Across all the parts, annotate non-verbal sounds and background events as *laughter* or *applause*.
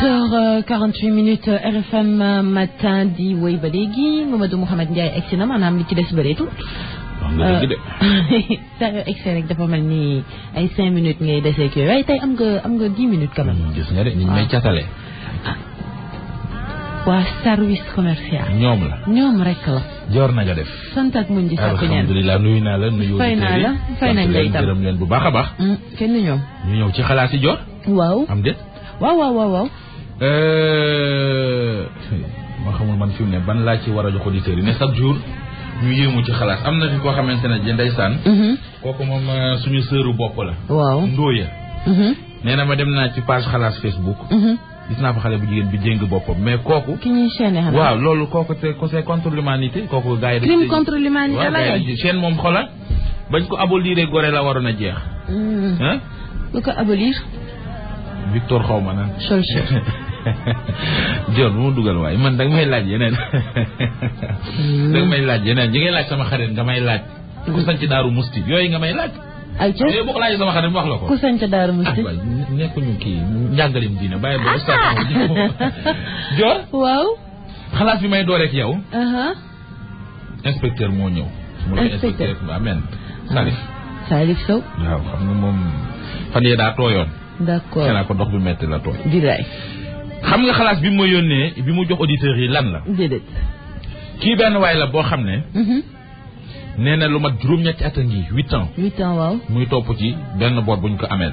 48 minutes RFM matin di woy ba léegi Mamadou Mouhamed Ndiaye egsi na maanaam li ci des bëreetul. saa yoo egsi rek dafa ni ay 5 minutes ngay desee am nga am nga 10 minutes quand même. Hmm, gis nga de ñu may ah. catale. Ah. waa service commercial. ñoom la ñoom rek joor nañu def. sant ak muñ di sàkku ñaan la nuyu. fay naa la leen bu baax a baax. Hmm, kenn ñoom. ñu ñëw ci xalaati joor. waaw waaw waaw waaw waaw. Eh, ma xamul man fi mu ne ban laa ci war a jox auditeurs yi ne chaque jour ñu yéemu ci xalaat am na fi koo xamante ne ndeysaan. Mhm. kooku moom euh, suñu sëru bopp la. waaw ndóoya. Mhm. nee na ma dem naa ci page xalaat Facebook. Mhm. gis naa fa xale bu jigéen bi jéng boppam mais kooku. ki ñuy chaîne xanaa waaw loolu kooku te conseil contre l'humanité kooku gars yi. crime contre l'humanité la lay chaîne moom xoolal bañ ko abolir gore la waroon a jeex. lu ko abolir. Victor xaw ma naan. Solskjaer. *laughs* John bu ma dugal waaye man danga may laaj yeneen. Hmm. danga may laaj yeneen ñi ngay laaj sama xarit nga may laaj. ku sanc daaru musti yooyu nga may laaj. ay ca yooyu boo ko laajee sama xarit wax la ko. ku sanc daaru ah, musti ah nekkuñu kii njàngaleem diina bàyyi ba ustaas ah. *laughs* John. waaw. xalaat bi may door ak uh-huh. inspecteur moo ñëw. inspecteur mu ne inspecteur Sow. waaw xam nga moom fan yee daa tooyoon. D'akor. Sen akor dokbe mette la to. Diray. Khamne khalas bi mwenye ne, bi mwenye jok oditeri lan la. Zedet. Ki ben waye la bo khamne, ne mhm. ne loma droumne katengi, 8 an. 8 an waw. Mwenye tou poti, ben nan bo bonnke amel.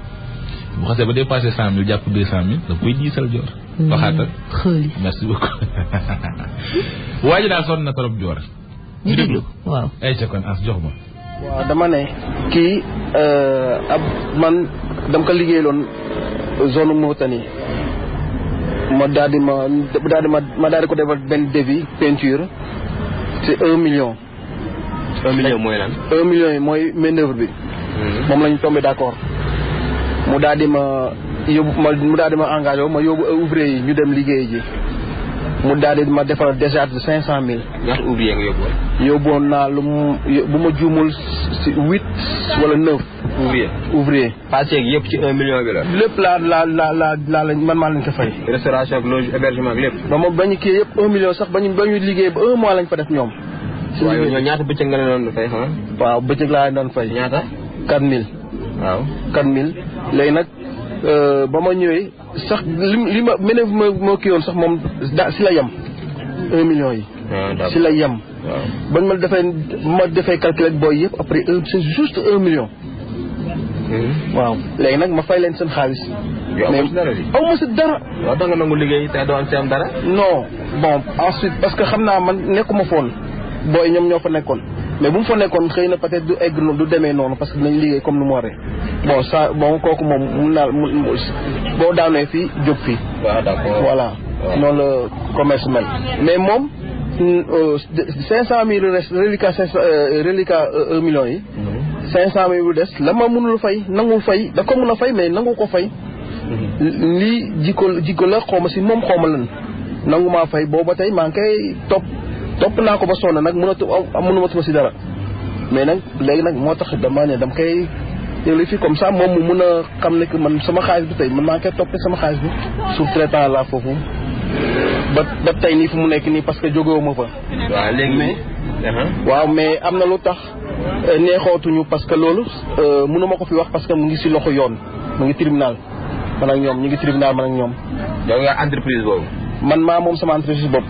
bu xasee ba dépassé cent mille jàpp deux cent mille da koy diisal joor. Mm. waxaatal xëy merci beaucoup. *laughs* waa ji daal sonn na trop waaw. ay ca kon jox ma. dama ne kii euh, ab man dama ko liggéeyaloon zone Mauritanie ma daal di ma daal di ma ma daal ko defal benn devis peinture c'est un million. un million mooy lan. un million yi mooy main bi. Mm-hmm. moom lañu tombé d'accord. mu daal di ma yóbbu ma mu daal di ma engagé ma yóbbu ouvrier yi ñu dem liggéey ji mu daal di ma defar décharge de cinq cent mille. ñaata ouvrier nga yóbbuwoon. yóbbuwoon naa lu mu bu ma jumul si wala neuf. ouvrier ouvrier. passé yëpp ci un million bi la. lépp laa laa laa laa laa lañ man maa lañ ko fay. restauration ak loge hébergement ak lépp. ba ma bañ kii yëpp un million sax bañu bañu liggéey ba un mois lañ fa def ñoom. si liggéey waaw bëccëg nga ne doon fay xanaa. laa doon fay. ñaata quatre mille. waaw quatre mille léegi nag euh, ba ma ñëwee sax li li ma meneen ma moo kii woon sax moom da si la yem un million yi ah, si la yem bañ ma defee ma defee calcul booy yëpp après un c'est juste un million hmm. waaw léegi nag ma fay leen seen xaalis. mais aw ma si dara. waaw da nga nangu liggéey te doo am si dara. non bon ensuite parce que xam naa man nekkuma foon booy ñoom ñoo fa nekkoon. mais bu mu fa nekkoon xëy na peut-être du egg du demee noonu parce que dinañ liggéey comme nu mu waree bon ça bon kooku moom mun naa boo daanee fii jóg fi waaw voilà. noonu la commerce mais moom. Euh, cinq cent mille res reliquat cinq euh, reliquat euh, un million yi mhm. cinq cent mille bu des la ma mënul fay nangu fay da ko mën a fay mais nangu ko fay mhm. lii jikko jikko la xaw ma si moom xaw ma lan nangu maa fay booba tey maa ngi koy topp top na ko ba sonn nag mu mënumatuma si dara mais nak legui nak motax dama ne dam yow li fi comme ça mom mu meuna xam ne man sama xaliss bi tay man ma kay toppee sama xaliss bi sous traitant la fofu ba ba tay ni fu mu nek ni parce que jógewuma fa wa legui mais uh-huh. waaw mais amna lu tax euh, ñu parce que euh mënuma ko fi wax parce que mu ngi ci loxo yoon mu ngi tribunal man ak ñom ñi ngi tribunal man ak ñom yow yaa entreprise bobu man maa mom sama entreprise bobu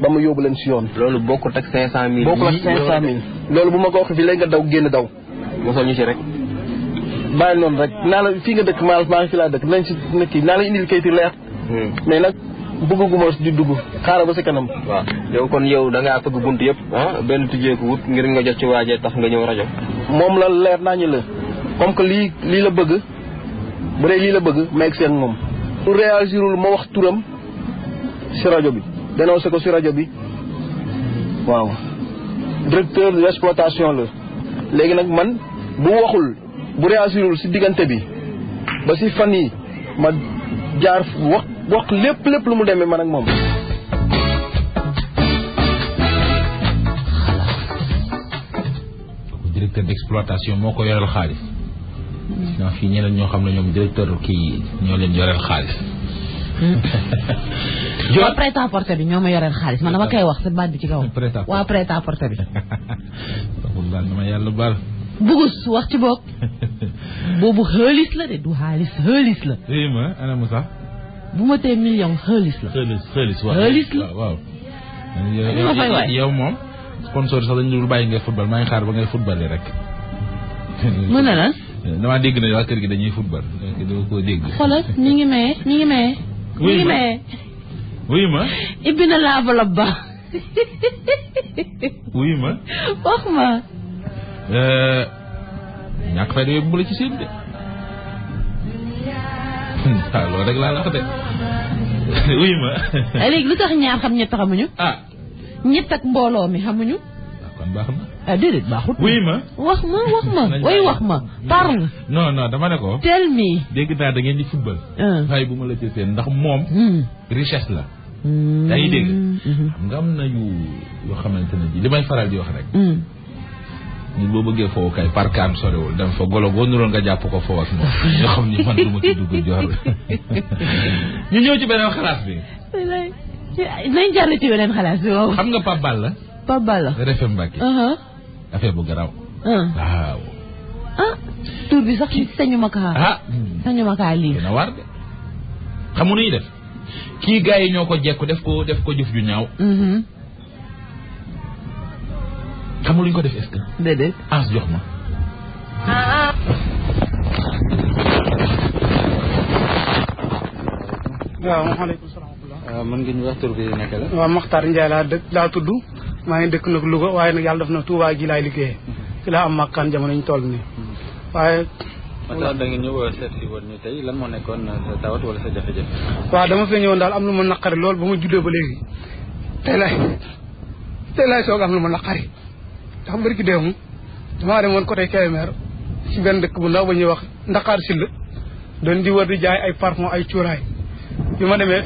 ba ma yóbbu leen si yoon. loolu bokkut ak 500000. bokkul ak 500000 loolu bu ma ko waxee fii léegi nga daw génn daw. mosoo ñu si rek. bàyyi noonu rek naa la fii nga dëkk maa maa ngi fi laa dëkk nañ si nekk naa la indil kayit leer. Hmm. mais nag bëgguma di dugg xaaral ba sa kanam. waaw yow kon yow da ngaa fëgg bunt yëpp ah benn tijjeeku wut ngir nga jot ci waajee tax nga ñëw rajo. moom la leer naa ñu la comme que lii lii la bëgg bu dee lii la bëgg ma egg seen moom. mu réagirul ma wax turam si rajo bi. danoo sa ko si rajo bi waaw directeur de l' exploitation la léegi man bu waxul bu réagirul ci diganté bi ba ci fan yi ma jaar wax wax lépp lépp lu mu démé man ak mom directeur d'exploitation moko yoral yoreel xaalis fi ñeneen ñoo xam ne ñoom directeur ki ñoo leen yoral xaalis *laughs* waa prêt à porter bi ñoo ma yoreel xaalis man dama koy wax sa baat bi ci kaw. *laughs* waa prêt à porter bi. alhamdulilah *laughs* dama yàlla baal. bugus wax ci boog. boobu xaalis la de du xaalis la. oui ma ana bu ma tee million xaalis la. xaalis xaalis waaw xaalis la ma fay waay yow moom. sponsor sax dañu dul bàyyi ngay football maa ngi xaar ba ngay football rek. mën na la. damaa dégg ne waa kër gi dañuy football. dama koo dégg. xoolal mi ngi maye mi ngi maye. Oui, ma. Oui, ma. Ibinalabalab ba? oui, ma. Wax ma. Euh, ñak fay day mbul ci seen de. Lo hmm, rek la la *laughs* xate. Oui, ma. Légui lutax ñaar xam ñett xamuñu? Ah. Ñett ak mbolo mi xamuñu? kon baax na. déedéet baaxut. oui ma wax ma wax ma. way wax ma tell me. Dia kita ada yang di football. waaye bu ma la jëfee ndax moom. richesse la. yaa na yu yoo xamante ne faral di wax rek. nit boo bëggee kay parkaan sorewul dem hmm. fa golo boo nuroon nga jàpp ko foofu ak moom ñoo xam ni man du ma ci dugg joor ñu ñëw Pape Balla. RFM Mbacke. affaire bu garaaw. Ah. waaw. ah tur bi sax sañu ma ah. lii. dina war de def kii gars yi ñoo ko jekku def ko def ko jëf ju ñaaw. Mhm. xamu ñu ko def est-ce que. déedéet ah, jox ma. waaw maaleykum salaam. waaw mën laa dëkk laa tudd. maa ngi dëkk nag Louga waaye nag yàlla def na Touba ji laay liggéeyee mhm. ci laa am màkkaan jamono ñu toll nii mhm. waaye da ngeen ñëw euh, seet si tey lan moo nekkoon euh, sa tawat wala sa jafe dama fee ñëwoon daal am lu ma naqari loolu ba ma juddoo ba léegi tey laay tey laay soog am na ma naqari ndax mbir ki deemu dem woon côté Kébémer si benn dëkk bu ndaw ba ñuy wax Ndakaar Silla doon di wër di jaay ay parfum ay cuuraay bi ma demee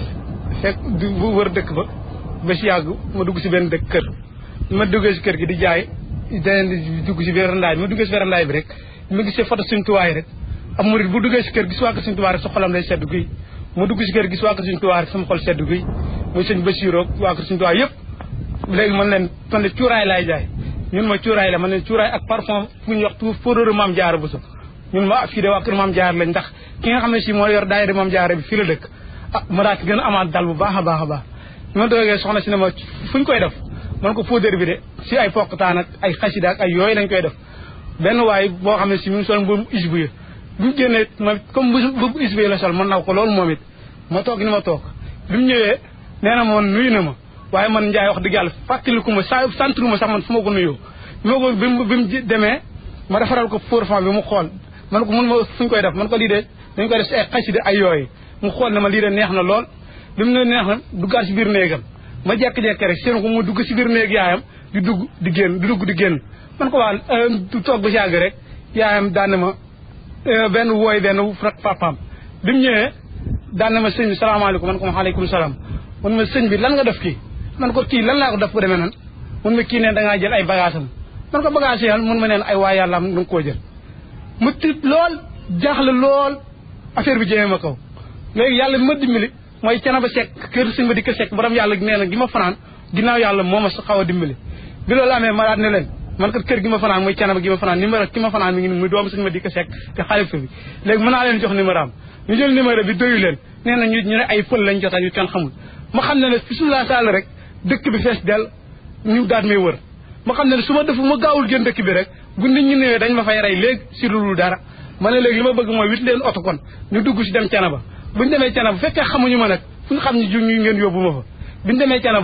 fekk di wër dëkk ba ba si yàgg ma dugg si benn dëkk kër ma duggee si kër gi di jaay dugg si verandaay ma duggee si verandaay bi rek ma gisee photo Sëñ Tuubaa yi rek duggee si kër gis waa ko Sëñ Tuubaa rek sa xolam lay sedd guy ma dugg si kër gis waa ko Sëñ Tuubaa rek sama xol sedd guy muy sëñ Basiiroog yëpp léegi man leen man de cuuraay laay jaay ñun ma cuuraay la man leen cuuraay ak parfum fu ñuy wax tuuf podoru maam jaara bu so ñun ma fii de waa kër maam jaara lañ ndax xam ne si moo yor daayira maam bi fii la dëkk ah ma daat gën a amaat dal bu baax a baax a baax ma doogee soxna si ne ma fu ñu koy def man ko poudre bi de si ay foqtaan ak ay xasida ak ay yooyu lañ koy def benn waay boo xam ne si mu sol mbubu isbu ya bu mu génnee ma comme mbubu isbu la sol man naw ko loolu moom it ma toog ni ma toog bi mu ñëwee nee na moon nuyu na ma waaye man Ndiaye wax dëgg yàlla fàttaliku ma sa santu ma sax man fu ma ko nuyoo bi ma ko bi mu demee ma defaral ko parfum bi mu xool man ko mun ma fuñ koy def man ko lii de dañ koy def si ay xasida ay yooyu mu xool ne ma lii de neex na lool bi mu neex na duggaat si biir néegam ma jekk jekki rek seen ko mu dugg si biir néeg yaayam di dugg di génn di dugg di génn man ko waa euh, du toog ba yàgg rek yaayam daan na ma euh, benn wooy benn frak papaam bi mu ñëwee daan ma sëñ bi salaamaaleykum man ko salaam man ma sëñ bi lan nga def kii man ko kii lan laa ko def bu demee nan mun ma kii ne dangaa jël ay bagage am man ko bagage yan mun ma neen ay waa yàlla am ko nga koo jël mu tiit lool jaaxle lool affaire bi jëmee ma kaw léegi yàlla ma dimbali mooy Canaba Seck kër sëñ Madické Seck borom yàlla nee na gi ma fanaan ginnaaw yàlla moo ma xaw a dimbali bi loolu amee ma daal leen man kat kër gi ma fanaan mooy Canaba gi ma fanaan numéro ki ma fanaan mi ngi nii muy doomu sëñ Madické Seck te xalifa bi léegi mën naa leen jox numéro am ñu jël numéro bi doyu leen nee ñu ñu ne ay pël lañ jota ñu kenn xamul ma xam ne ne fi suñu sall rek dëkk bi fees del ñu daat may wër ma xam ne ne su ma defu ma gaawul jën dëkk bi rek bu nit ñi dañ ma fay rey léegi si dara ma ne léegi li bëgg mooy wit leen oto dugg si dem Canaba bu ñu demee cana ba fekkee xamuñu ma nag fu ñu xam ne jug ñu ngeen yóbbu ma fa bu ñu demee cana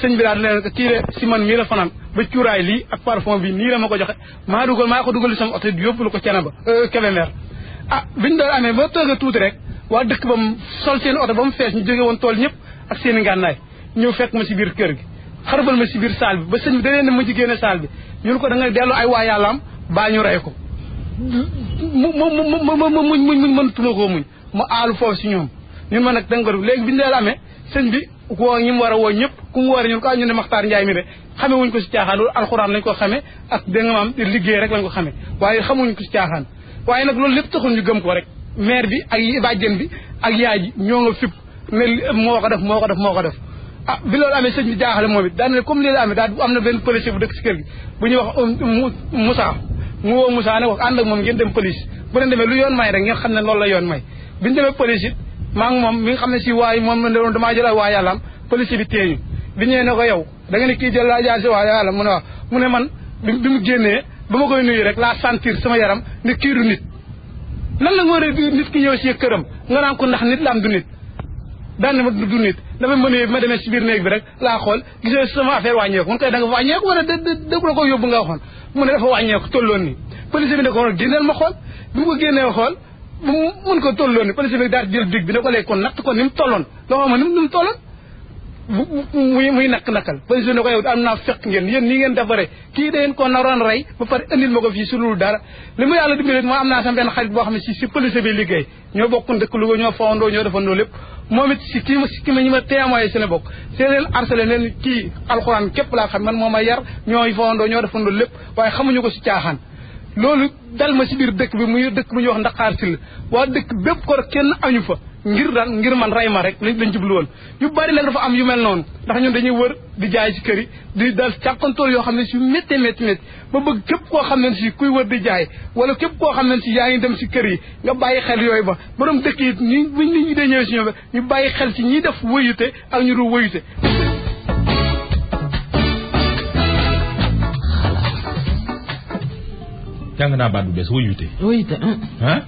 sëñ bi daal leen kii de si man mii la fanaan ba cuuraay lii ak parfum bi nii la ma ko joxe maa dugal maa ko dugal sama oto yóbbu la ko cana ba Kébémer ah biñ doon amee ba toog tuuti rek waa dëkk ba mu sol seen oto ba mu fees ñu jóge woon tool ñëpp ak seen ngànnaay ñëw fekk ma si biir kër gi xarbal ma si biir saal bi ba sëñ bi da leen ne mujj génne saal bi ñun ko da nga delloo ay waa yàllaam baa ñu rey ko mu mu mu mu muñ muñ mënatuma koo muñ mu aalu foofu si ñoom ñun ma nag danga ko def léegi bi ñu deel amee sëñ bi woo ñi mu war a woo ñëpp ku mu war a ah, ñun ko ñu ne Maxtaar Njaay mi de xame wuñ ko si caaxaan loolu alxuraan lañ ko xame ak da nga maam liggéey rek lañ xamuñ ko waaye nag loolu lépp taxul ñu gëm ko rek maire bi ak bàjjen bi ak yaay ji ñoo nga fipp ne moo moo ko def moo ko def ah bi loolu amee sëñ bi jaaxale moom it comme lii la daal am na benn policier bu dëkk si kër gi bu ñuy wax um, um, wax ànd ak moom ngeen dem police bu lu yoon may rek ngeen xam ne loolu la yoon may bi ñu demee police it maa moom mi nga xam ne si waay moom la doon damaa jël ay waa yàllaam police bi téeñu bi ñëwee ko yow danga ne kii jël laa jaar si waa yàlla mu ne waaw mu ne man bi mu génnee ba ma koy nuyu rek laa sentir sama yaram ne kii nan la war a nit ki ñëw këram nga naan ko nit la am du nit na ma du nit dafa mënee ma demee si biir néeg bi rek laa xool gisee sama affaire wàññeeku mun koy da nga wàññeeku wala da da ko yóbbu nga waxoon mu ne dafa wàññeeku tolloon nii police bi ne ko génneel ma xool bi mu ko génnee xool mu mun ko tolloo ni policier bi daal jël dig bi ne ko léegi kon natt ko ni mu tolloon loo xam ne ni mu muy nakk nakkal policier ne ko yow am naa fekk ngeen yéen nii ngeen defaree kii da ngeen ko naroon rey ba pare indil ma ko fii si loolu dara li mu yàlla dimbali boo xam ne si si policier bi liggéey lépp moom it si kii ma si ma ñi ma témoigné bokk seen leen harcelé kii alxuraan képp laa xam man moom ma yar ñooy fawandoo ñoo defandoo lépp waaye xamuñu ko si caaxaan loolu dal ma si biir dëkk bi muy dëkk bu ñuy wax Ndakaar si la waa dëkk bépp ko kenn añu fa ngir daan ngir man rey ma rek lañ jublu woon yu bari nag dafa am yu mel noonu ndax ñun dañuy wër di jaay si kër yi di dal càkkantool yoo xam ne si métti métti métti ba bëgg képp koo xam ne si kuy wër di jaay wala képp koo xam ne si yaa ngi dem si kër yi nga bàyyi xel yooyu ba borom dëkk yi ñu buñ nit ñi dee ñëw si ñoom ñu bàyyi xel si ñiy def wëyute ak ñu dul jàng naa baat bu yute wuyute wuyute eh. ah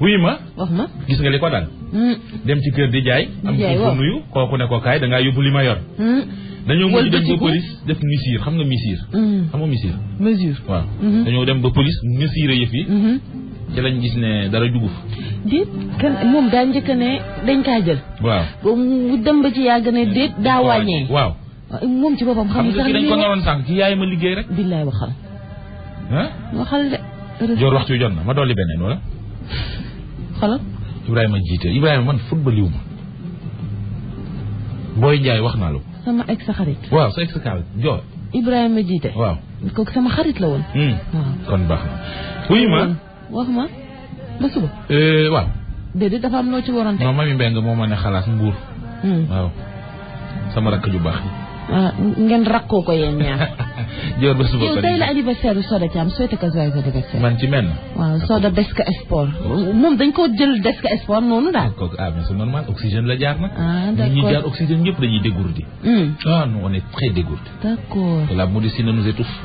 wuyu mm-hmm. ma wax ma gis nga li dal dem ci kër mm. mm. mm-hmm. mm-hmm. di jaay am ko nuyu kooku ne ko kaay da ngaa yóbbu li ma yor dañoo mujj dem ba police def misir xam nga misir xam nga misir mesure waaw dañoo dem ba police misir yëf yi ci lañ gis ne dara juguf déet kan moom daa njëkk ne dañ kaa jël waaw mu dem ba ci yàgg ne déet daa wàññee waaw moom ci boppam xam nga dañ ko naroon sànq ci yaay ma liggéey rek billaay waxal waxal de. joor waxtu wi jot na ma dolli beneen wala. xoolal. Ibrahima jiite Ibrahima man football ma. Boy Ndiaye wax naa la ko. sama ex sa xarit. waaw sa ex sa xarit joor. Ibrahima jiite. waaw kooku sama xarit la woon. Hmm. kon baax na. wax ma ba suba. Eh, waaw. déedéet dafa am loo ci waroon. non Mamy Mbengue moo mën ne xalaat mbuur. Hmm. waaw sama rakk ju baax. Ah, ngeen ko *laughs* la man ci men. waaw oh. dañ jël daal. ah mais c'est normal oxygène la jaar nag. ah d'accord ñi jaar oxygène ñëpp dañuy dégourdi. Hmm. ah non on est très dégourdi. d'accord la ne nous étouffe.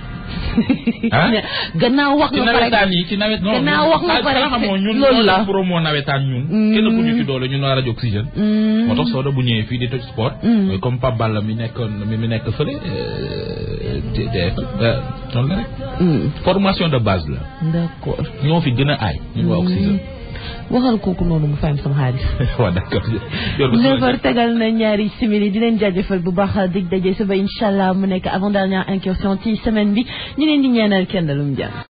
*laughs* gannaaw wax nga pare nawetaan ci nawet non gannaaw wax nga pare xamoo ñun loolu la promo nawetaan ñun mm. kenn ku ñu ci doole ñun waa rajo oxygène mm. moo tax Soda bu ñëwee fii di toj sport mm. euh, comme Pape Balla mi nekkoon mi mi nekk fële euh, euh, formation de base la d'accord ñoo fi gën a aay ñun waa oxygène waxal kooku noonu mu fayam sama xaalis. *laughs* waaw d'accord neuf heures tegal na ñaari simili di leen jaajëfal bu baax dig daje suba incha allah mu nekk avant dernière incursion ci semaine bi ñu leen di ñaanal kenn dalum jàmm.